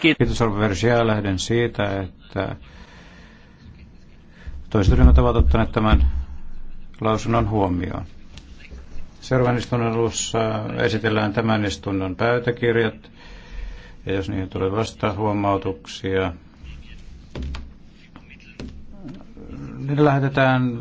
Kiitos, Frau Vergia. Lähden siitä, että toiset ryhmät ovat ottaneet tämän lausunnon huomioon. Seuraavan istunnon alussa esitellään tämän istunnon päätökirjat. Ja jos niihin tulee vasta huomautuksia, niin lähetetään